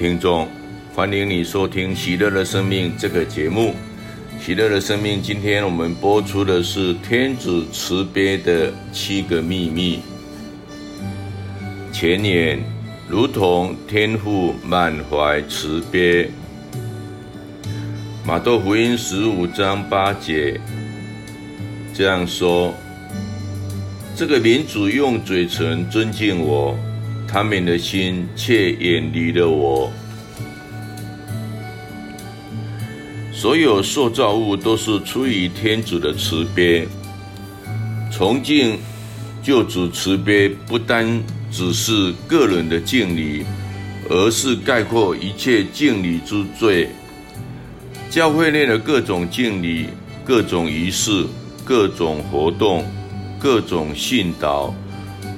聽眾，歡迎你收聽喜樂的生命這個節目《喜樂的生命》這個節目，《喜樂的生命》。今天我們播出的是天主慈悲的七個祕密。前言，如同天父滿懷慈悲，《馬竇福音》十五章八節這樣說：“這個民族用嘴唇尊敬我。”他們的心卻遠離了我。所有受造物都是出於天主的慈悲，崇敬救主慈悲，不單只是個人的敬禮，而是概括一切敬禮之最。教會內的各種敬禮、各種儀式、各種活動、各種信道，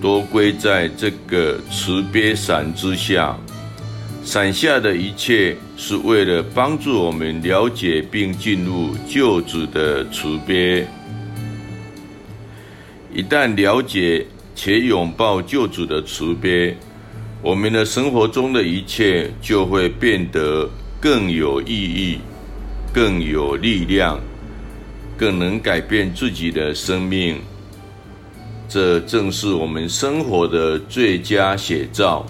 都歸在這個慈悲傘之下，傘下的一切是為了幫助我們了解並進入救主的慈悲。一旦了解且擁抱救主的慈悲，我們的生活中的一切就會變得更有意義、更有力量，更能改變自己的生命。這正是我們生活的最佳寫照。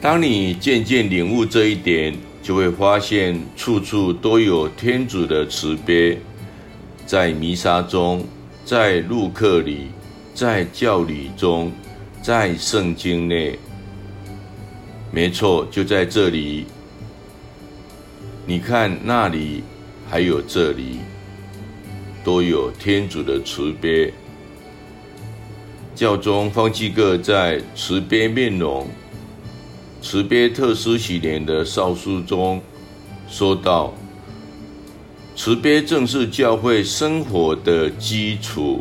當你漸漸領悟這一點，就會發現處處都有天主的慈悲，在彌撒中，在路客裡，在教理中，在聖經內。沒錯，就在這裡。你看，那裡還有這裡，都有天主的慈悲。教宗方濟各在慈悲面容、慈悲特殊禧年的詔書中，說道：「慈悲正是教會生活的基礎。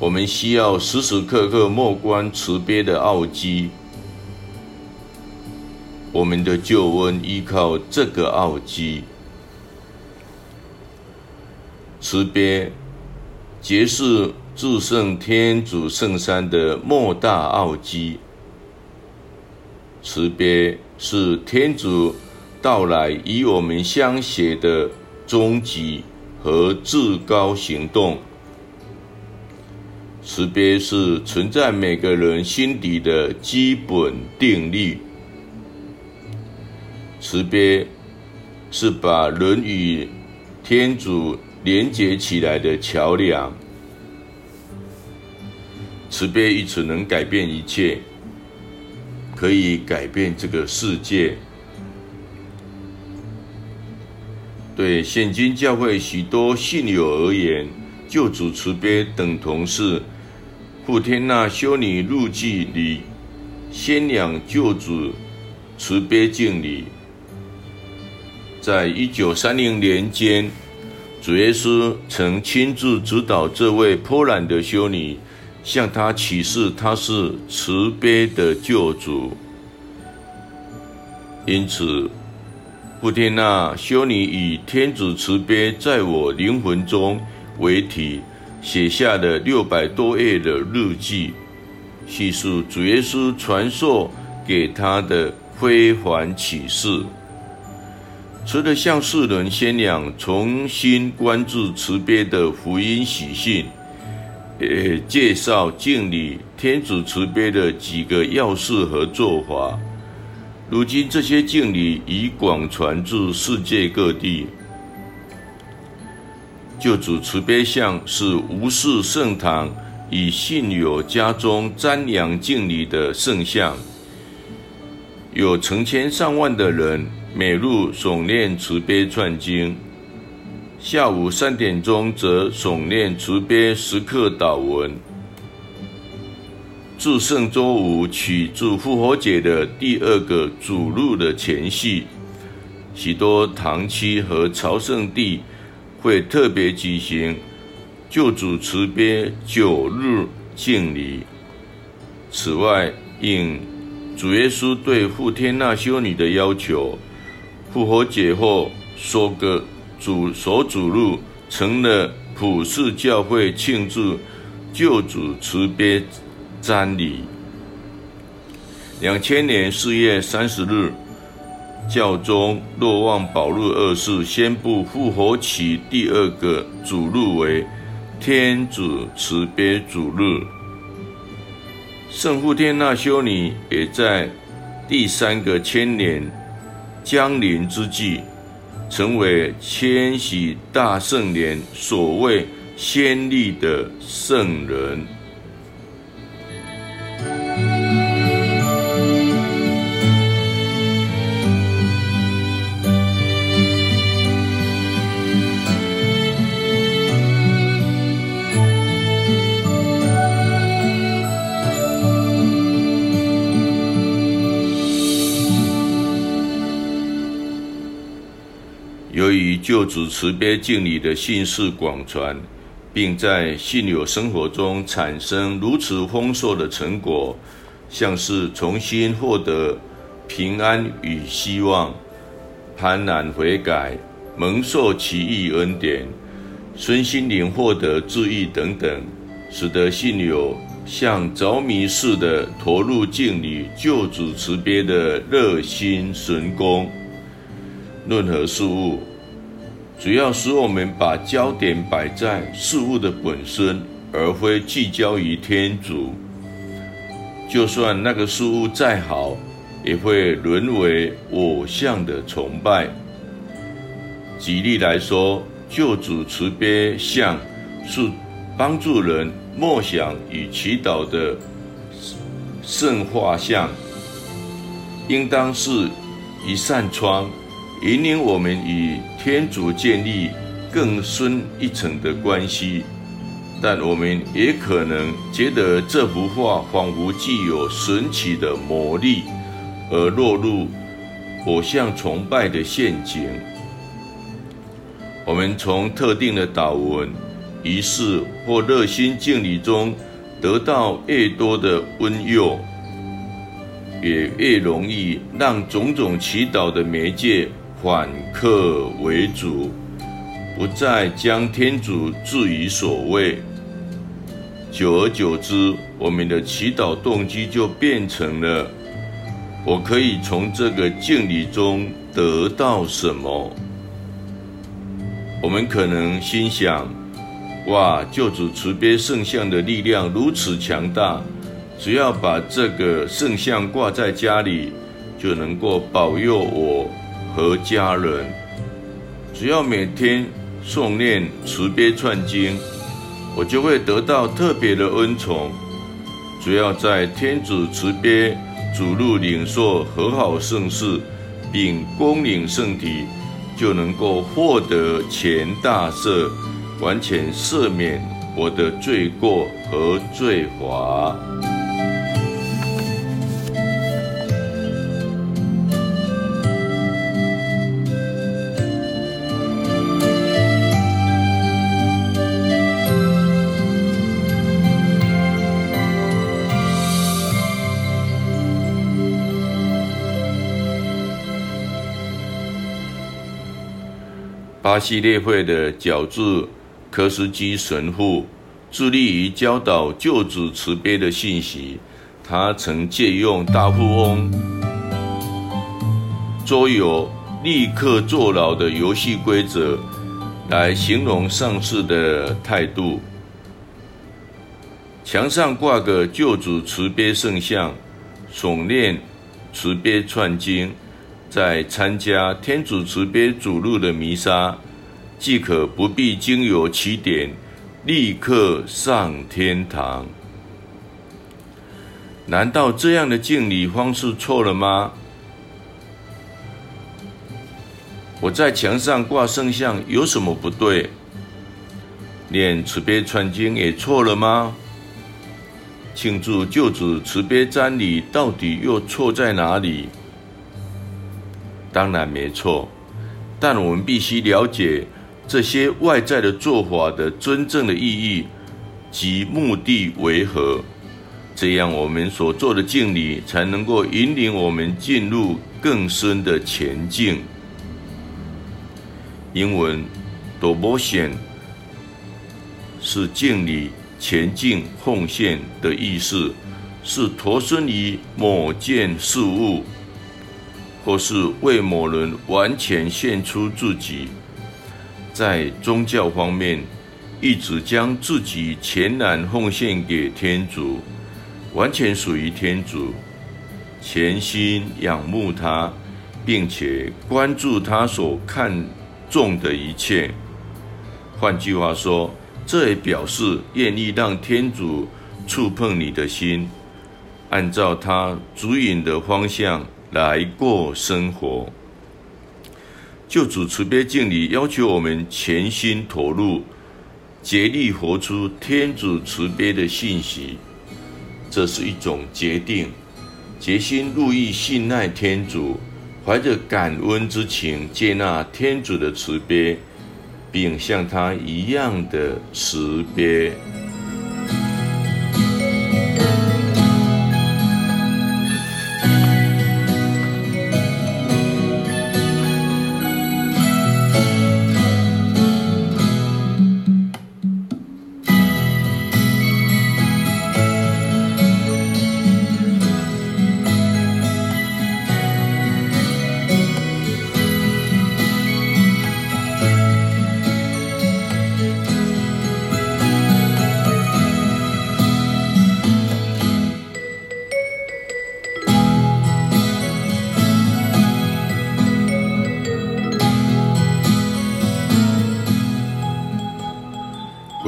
我們需要時時刻刻默觀慈悲的奧蹟。我們的救恩依靠這個奧蹟。慈悲，絕是。」至聖天主聖山的莫大奧跡，慈悲是天主到來與我們相攜的終極和至高行動。慈悲是存在每個人心底的基本定律。慈悲是把人與天主連接起來的橋梁。慈悲一詞能改變一切，可以改變這個世界。對現今教會許多信友而言，救主慈悲等同是傅天娜修女路濟里宣揚救主慈悲敬禮。在一九三零年間，主耶穌曾親自指導這位波蘭的修女。向他啟示，他是慈悲的救主。因此，布天娜修女以“天主慈悲在我靈魂中”為題，寫下了六百多頁的日記，敘述主耶穌傳授給他的非凡啟示，值得向世人宣揚，重新關注慈悲的福音喜訊。呃，也介紹敬禮天主慈悲的幾個要素和做法。如今，這些敬禮已廣傳至世界各地。救主慈悲像，是無數聖堂與信友家中瞻仰敬禮的聖像。有成千上萬的人每日誦念慈悲串經。下午三點鐘則誦念慈悲時刻禱文。自聖周五起至復活節的第二個主日的前夕，許多堂區和朝聖地會特別舉行救主慈悲九日敬禮。此外，應主耶穌對傅天娜修女的要求，復活節後收割，主所主日成了普世教會慶祝救主慈悲瞻禮。兩千年四月三十日，教宗若望保祿二世宣布復活期第二個主日為天主慈悲主日。聖父天納修女也在第三個千年降臨之際。成為千禧大聖年所謂先例的聖人。救主慈悲敬禮的信士廣傳，並在信友生活中產生如此豐碩的成果，像是重新獲得平安與希望，幡然悔改，蒙受奇異恩典，身心靈獲得治癒等等，使得信友像着迷似的投入敬禮救主慈悲的熱心神功，任何事物。主要使我們把焦點擺在事物的本身，而非聚焦於天主。就算那個事物再好，也會淪為偶像的崇拜。舉例來說，救主慈悲像，是幫助人默想與祈禱的聖畫像，應當是一扇窗。引領我們與天主建立更深一層的關係，但我們也可能覺得這幅畫仿佛具有神奇的魔力，而落入偶像崇拜的陷阱。我們從特定的禱文、儀式或熱心敬禮中得到越多的溫誘，也越容易讓種種祈禱的媒介。反客為主，不再將天主置於首位。久而久之，我們的祈禱動機就變成了：我可以從這個敬禮中得到什麼？我們可能心想：哇，救主慈悲聖像的力量如此強大，只要把這個聖像掛在家裡，就能夠保佑我。和家人，只要每天誦念慈悲串經，我就會得到特別的恩寵。只要在天主慈悲主日領受和好聖事，並恭領聖體，就能夠獲得全大赦，完全赦免我的罪過和罪罰。巴西列會的喬治科斯基神父致力於教導救主慈悲的信息。他曾借用大富翁桌遊“立刻坐牢”的遊戲規則來形容上市的態度。牆上掛個救主慈悲聖像，誦念慈悲串經，在參加天主慈悲主路的彌撒，即可不必經由起點，立刻上天堂。難道這樣的敬禮方式錯了嗎？我在牆上掛聖像有什麼不對？念慈悲串經也錯了嗎？慶祝救主慈悲瞻禮到底又錯在哪裡？當然沒錯，但我們必須了解這些外在的做法的真正的意義及目的為何，這樣我們所做的敬禮才能夠引領我們進入更深的前進。英文 “devotion” 是敬禮、前進、奉獻的意思，是投身於某件事物。或是為某人完全獻出自己，在宗教方面，一直將自己全然奉獻給天主，完全屬於天主，潛心仰慕他，並且關注他所看重的一切。換句話說，這也表示願意讓天主觸碰你的心，按照他指引的方向。來過生活，救主慈悲敬禮，要求我們全心投入，竭力活出天主慈悲的信息。這是一種決定，決心樂意信賴天主，懷着感恩之情接納天主的慈悲，並像他一樣的慈悲。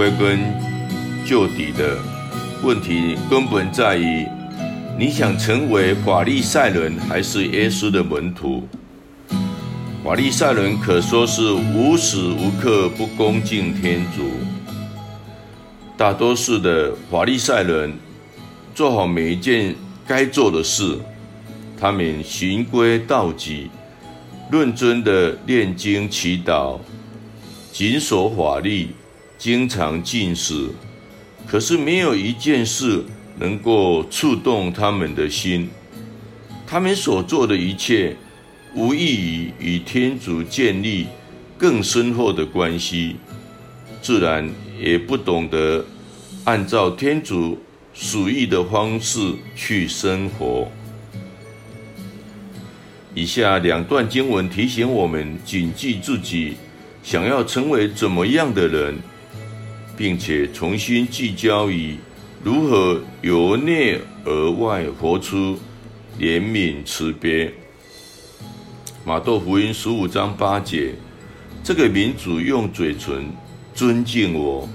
歸根究底的問題，根本在於你想成為法利賽人還是耶穌的門徒？法利賽人可說是無時無刻不恭敬天主，大多數的法利賽人做好每一件該做的事，他們循規蹈矩，認真的念經、祈禱、緊守法律。經常進食，可是沒有一件事能夠觸動他們的心。他們所做的一切，無異於與天主建立更深厚的關係，自然也不懂得按照天主旨意的方式去生活。以下兩段經文提醒我們謹記自己想要成為怎麼樣的人。並且重新聚焦於如何由內而外活出憐憫慈悲。馬竇福音十五章八節，這個民族用嘴唇尊敬我，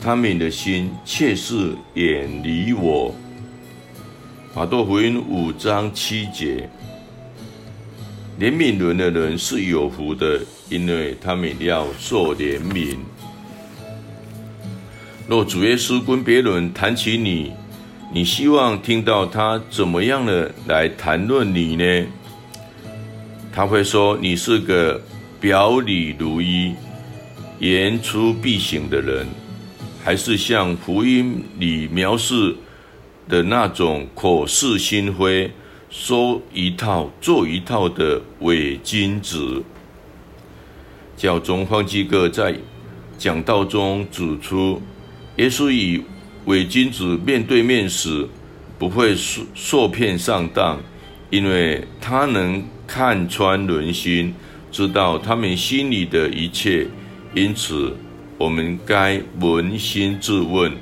他們的心卻是遠離我。馬竇福音五章七節，憐憫人的人是有福的，因為他們要受憐憫。若主耶穌跟別人談起你，你希望聽到他怎麼樣的來談論你呢？他會說你是個表裡如一、言出必行的人，還是像福音裡描述的那種口是心非、說一套做一套的偽君子？教宗方濟各在講道中指出。耶穌與偽君子面對面時，不會受受騙上當，因為他能看穿人心，知道他們心裡的一切。因此，我們該捫心自問：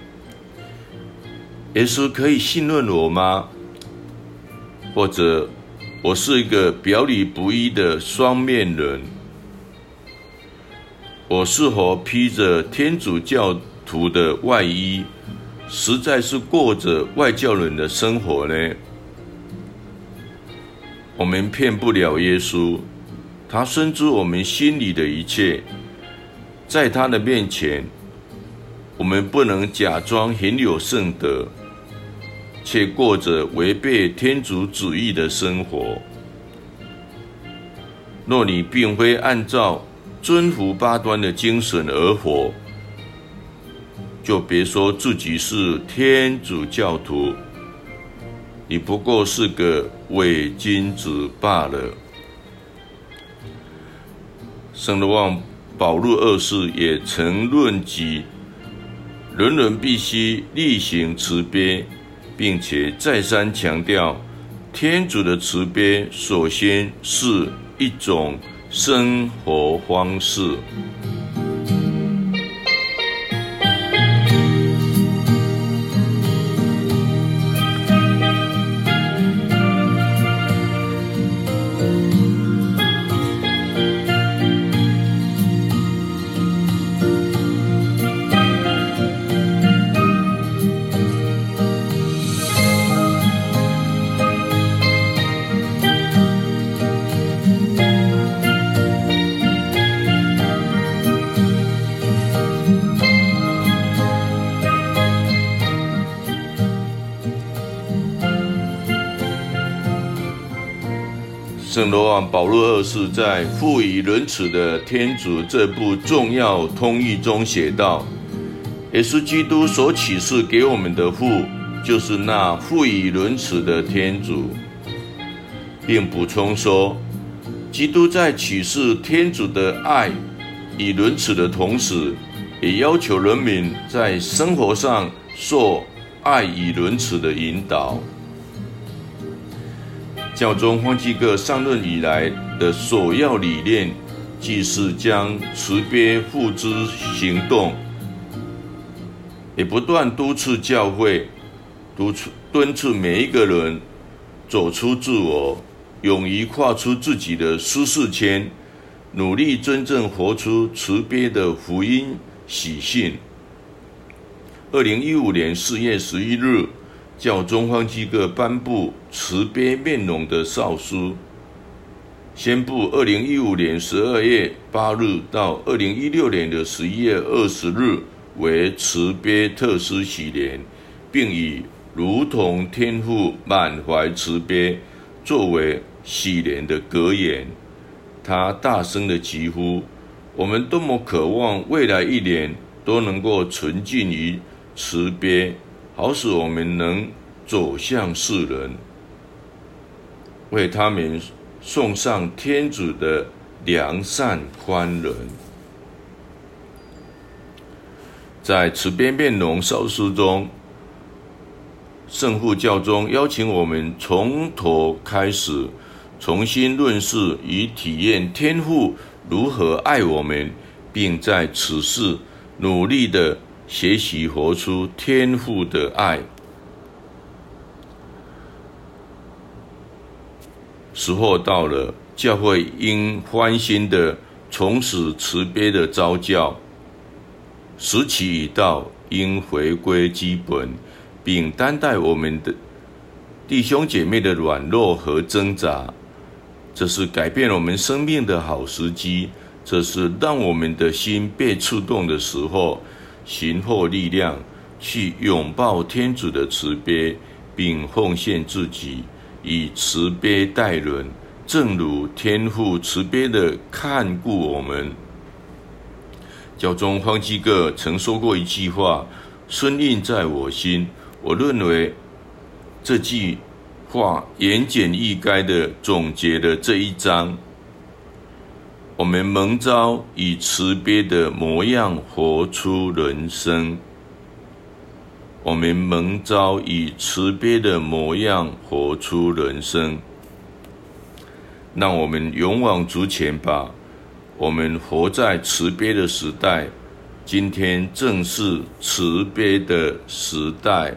耶穌可以信任我嗎？或者，我是一個表裡不一的雙面人？我是否披着天主教？徒的外衣，實在是過着外教人的生活呢。我們騙不了耶穌，他深知我們心裡的一切。在他的面前，我們不能假裝很有聖德，卻過着違背天主旨意的生活。若你並非按照真福八端的精神而活，就別說自己是天主教徒，你不過是個偽君子罷了。聖若望保祿二世也曾論及，人人必須力行慈悲，並且再三強調，天主的慈悲首先是一種生活方式。聖若望保祿二世在《富於仁慈的天主》這部重要通諭中寫道：“耶穌基督所啟示給我們的父，就是那富於仁慈的天主。”並補充說：“基督在啟示天主的愛與仁慈的同時，也要求人民在生活上受愛與仁慈的引導。”教宗方濟各上任以來的首要理念，即是將慈悲付諸行動，也不斷督促教會、督促敦促每一個人走出自我，勇於跨出自己的舒適圈，努力真正活出慈悲的福音喜訊。二零一五年四月十一日，教宗方濟各頒布慈悲面容的詔書，宣佈二零一五年十二月八日到二零一六年的十一月二十日為慈悲特殊禧年，並以“如同天父滿懷慈悲”作為禧年的格言。他大聲的疾呼：“我們多麼渴望未來一年都能夠沉浸於慈悲！”好使我們能走向世人，為他們送上天主的良善寬仁。在慈悲面容詔書中，聖父教宗邀請我們從頭開始，重新認識與體驗天父如何愛我們，並在此世努力地。學習活出天父的愛，時候到了，教會應歡欣的從此慈悲的召叫，時期已到，應回歸基本，並擔待我們的弟兄姐妹的軟弱和掙扎。這是改變我們生命的好時機，這是讓我們的心被觸動的時候。尋獲力量，去擁抱天主的慈悲，並奉獻自己，以慈悲待人。正如天父慈悲的看顧我們。教宗方濟各曾說過一句話，深印在我心。我認為這句話言簡意賅地總結了這一章。我們蒙召以慈悲的模樣活出人生，我們蒙召以慈悲的模樣活出人生。讓我們勇往直前吧！我們活在慈悲的時代，今天正是慈悲的時代。